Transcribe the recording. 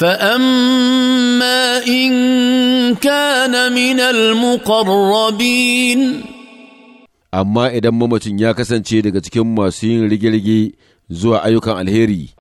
فاما ان كان من المقربين amma idan mamacin ya kasance daga cikin masu yin rige-rige zuwa ayyukan alheri